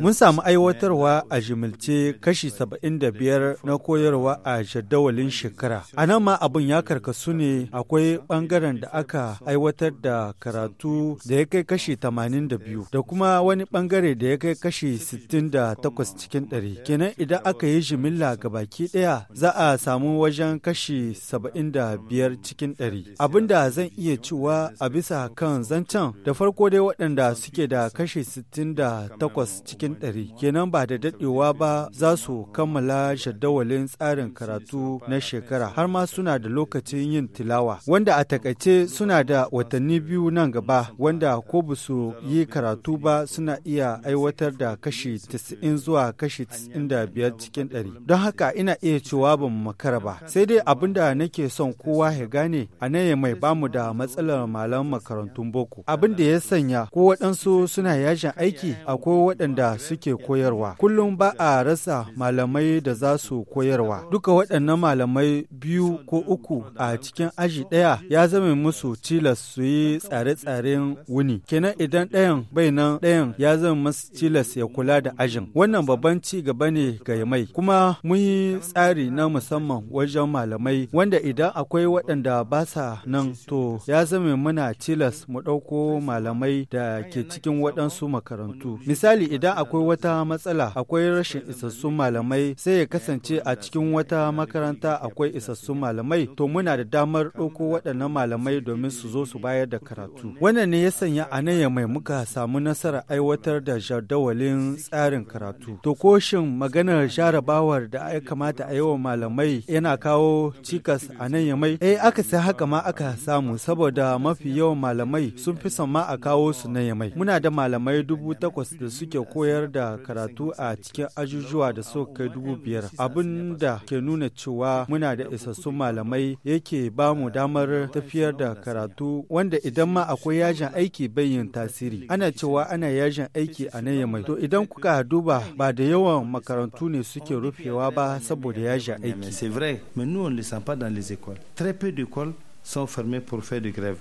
Mun samu aiwatarwa a jimilce kashi 75 na koyarwa a jadawalin shekara. A nan ma abin ya karkasu ne akwai bangaren da aka aiwatar da karatu da ya kai kashi 82 da kuma wani bangare da ya kai kashi 68 cikin 100. Kenan idan aka yi jimilla ga baki ɗaya za a samu wajen kashi 75 cikin 100. Abin da zan iya cewa a bisa kan zancen da farko ko dai waɗanda suke da kashi 68 cikin 100 kenan ba da daɗewa ba za su kammala jadawalin tsarin karatu na shekara har ma suna da lokacin yin tilawa wanda a takaice suna da watanni biyu nan gaba wanda ko ba su yi karatu ba suna iya aiwatar da kashi 90 zuwa kashi 95 cikin 100 don haka ina iya cewa ban makara ba sai dai abin da nake son kowa ya gane a nan mai bamu da matsalar malaman makarantun boko abin da ya sanya ko waɗansu suna yashin aiki akwai waɗanda suke koyarwa. Kullum ba a rasa malamai da za su koyarwa. Duka waɗannan malamai biyu ko uku a cikin aji ɗaya ya zama musu tilas su yi tsare-tsaren wuni. Kenan idan ɗayan bai nan ɗayan ya zama musu tilas ya kula da ajin. Wannan babban ci gaba ne ga mai Kuma mun yi tsari na musamman wajen malamai wanda idan akwai waɗanda ba sa nan to ya zama muna tilas mu ɗauko malamai malamai da ke cikin waɗansu makarantu. Misali idan akwai wata matsala akwai rashin isassun malamai sai ya kasance a cikin wata makaranta akwai isassun malamai to muna da damar ɗauko waɗannan malamai domin su zo su bayar da karatu. Wannan ne ya sanya a nan ya mai muka samu nasarar aiwatar da jadawalin tsarin karatu. To ko shin maganar jarabawar da ya kamata a yi malamai yana kawo cikas a nan ya mai? Eh aka sai haka ma aka samu saboda mafi yawan malamai sun fi son ma a kawo su na Yamai. Muna da malamai dubu takwas da suke koyar da karatu a cikin ajujuwa da suka kai dubu biyar. Abin da ke nuna cewa muna da isassun malamai yake ba mu damar tafiyar da karatu wanda idan ma akwai yajin aiki bayin tasiri. Ana cewa ana yajin aiki a na Yamai. To idan kuka duba ba da yawan makarantu ne suke rufewa ba saboda yajin aiki. C'est vrai, mais nous ne les pas dans les écoles. Très peu d'écoles sont fermées pour faire de grève.